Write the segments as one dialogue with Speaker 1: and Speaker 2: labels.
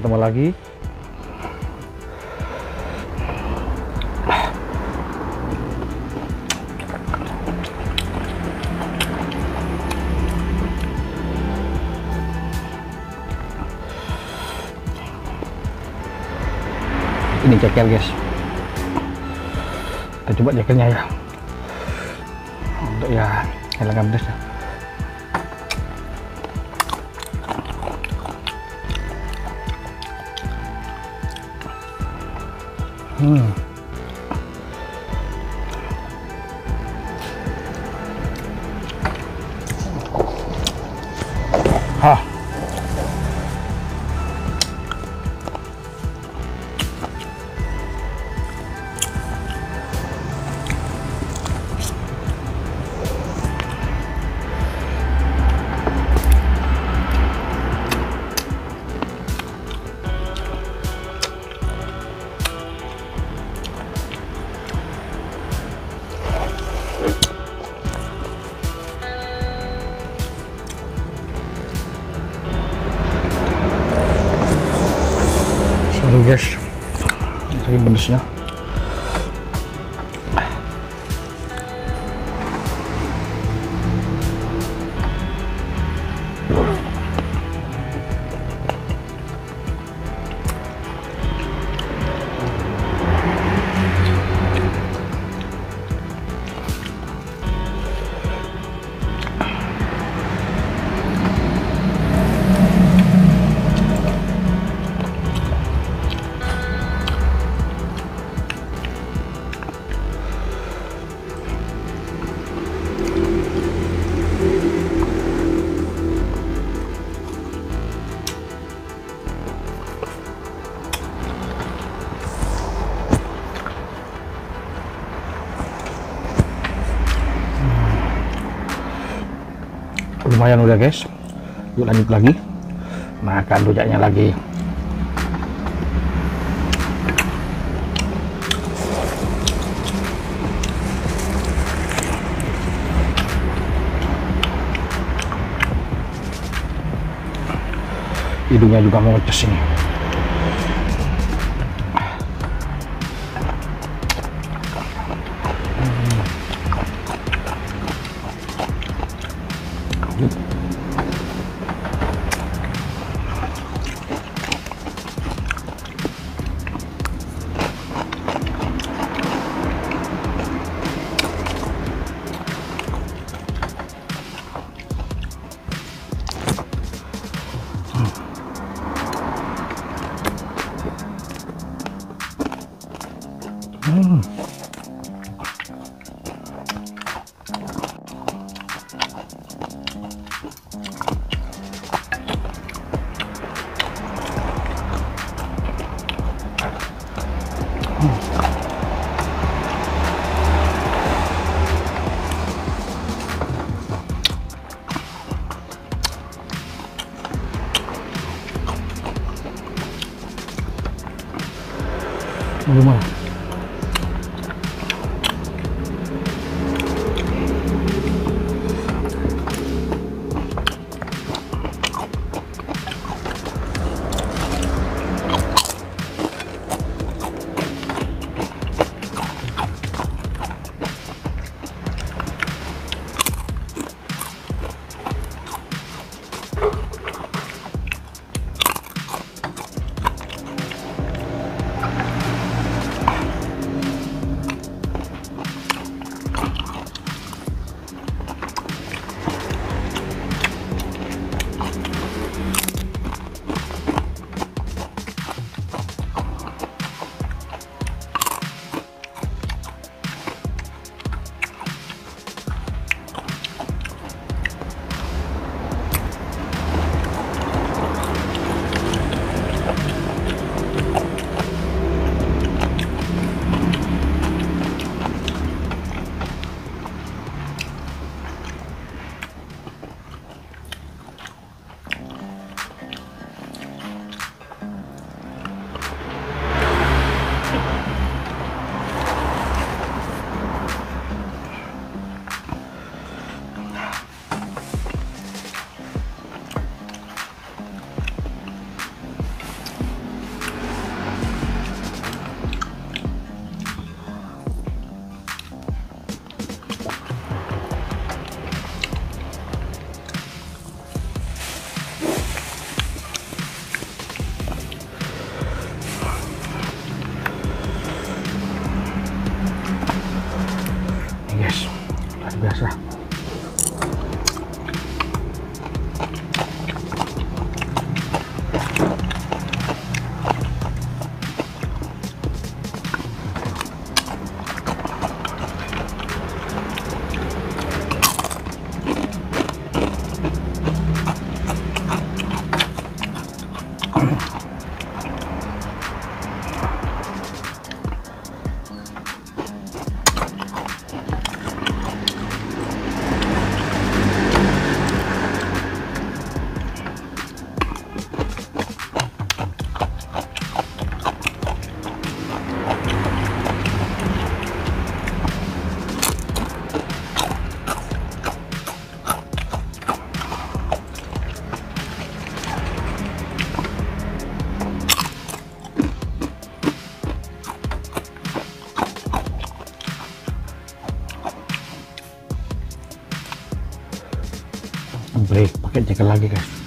Speaker 1: ketemu lagi ini cekel guys kita coba cekelnya ya untuk ya hilangkan pedasnya 好。guys. Ito yung bonus niya. lumayan udah guys yuk lanjut lagi makan rujaknya lagi hidungnya juga mau ngeces ini нет? Thank you. sampai jengkel lagi guys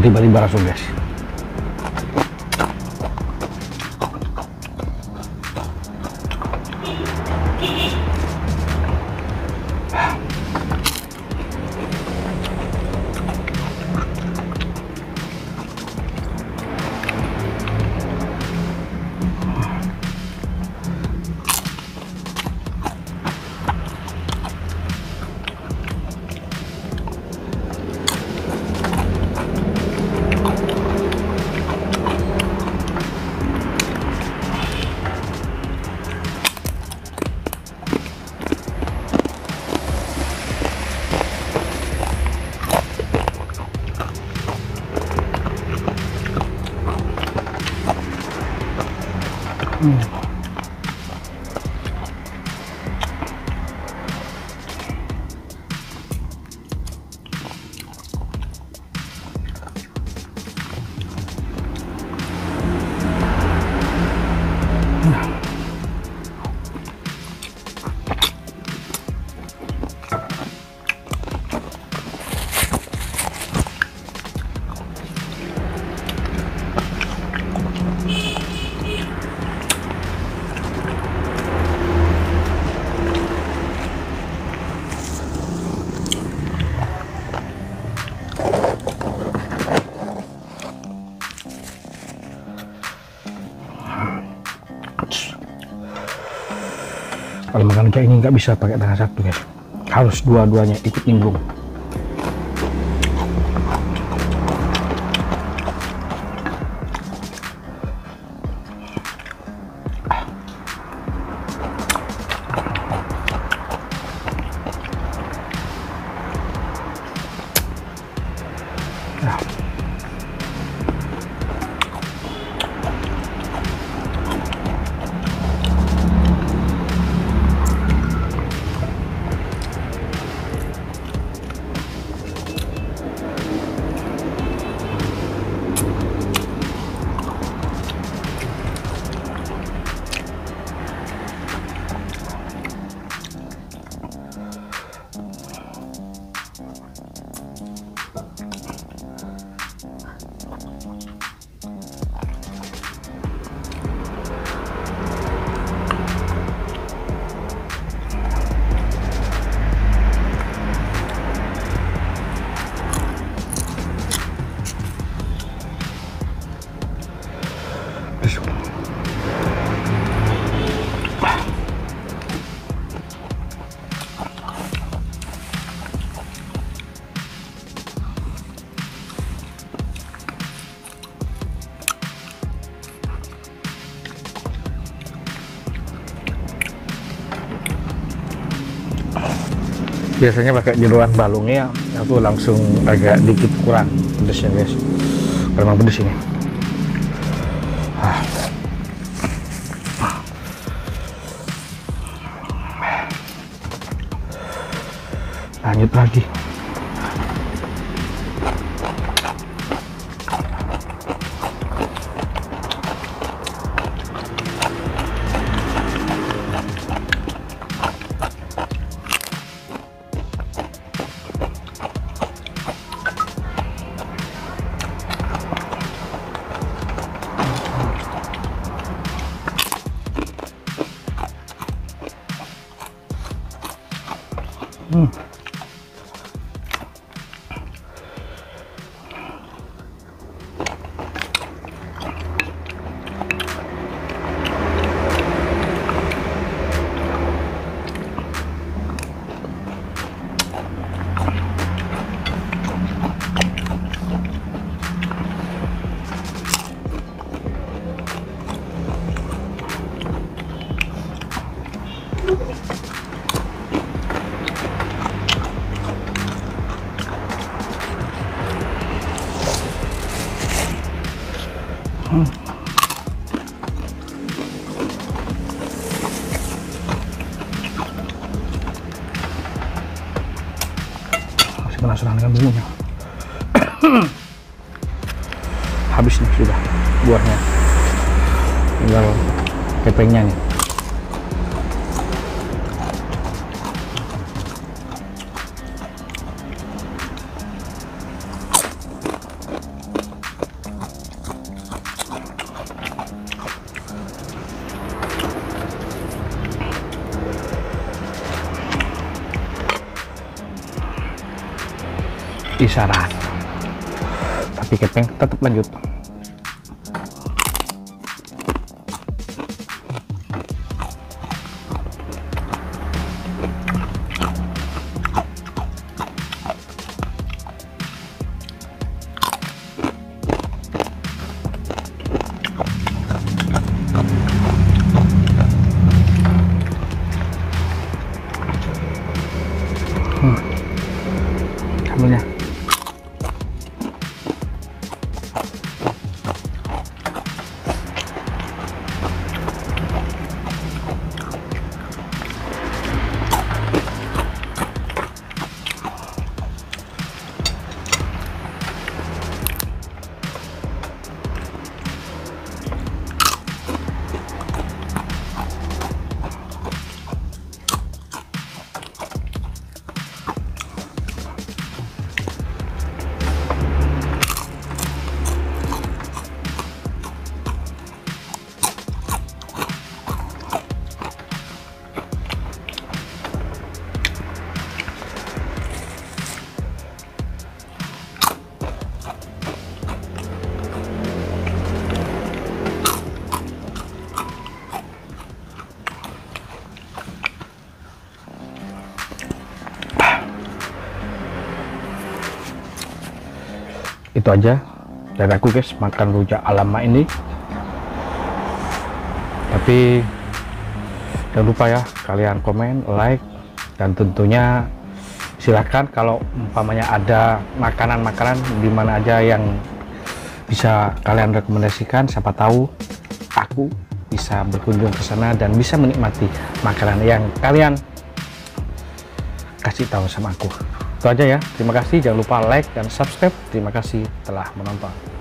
Speaker 1: tiba-tiba di barasobes. 嗯。ini nggak bisa pakai tangan satu ya harus dua-duanya ikut nimbrung biasanya pakai jeruan balungnya aku langsung agak dikit kurang pedesnya guys karena pedes ini ah. lanjut lagi buahnya tinggal kepengnya nih isyarat tapi keping tetap lanjut itu aja dari aku guys makan rujak alama ini tapi jangan lupa ya kalian komen like dan tentunya silahkan kalau umpamanya ada makanan-makanan di aja yang bisa kalian rekomendasikan siapa tahu aku bisa berkunjung ke sana dan bisa menikmati makanan yang kalian kasih tahu sama aku. Itu aja ya. Terima kasih. Jangan lupa like dan subscribe. Terima kasih telah menonton.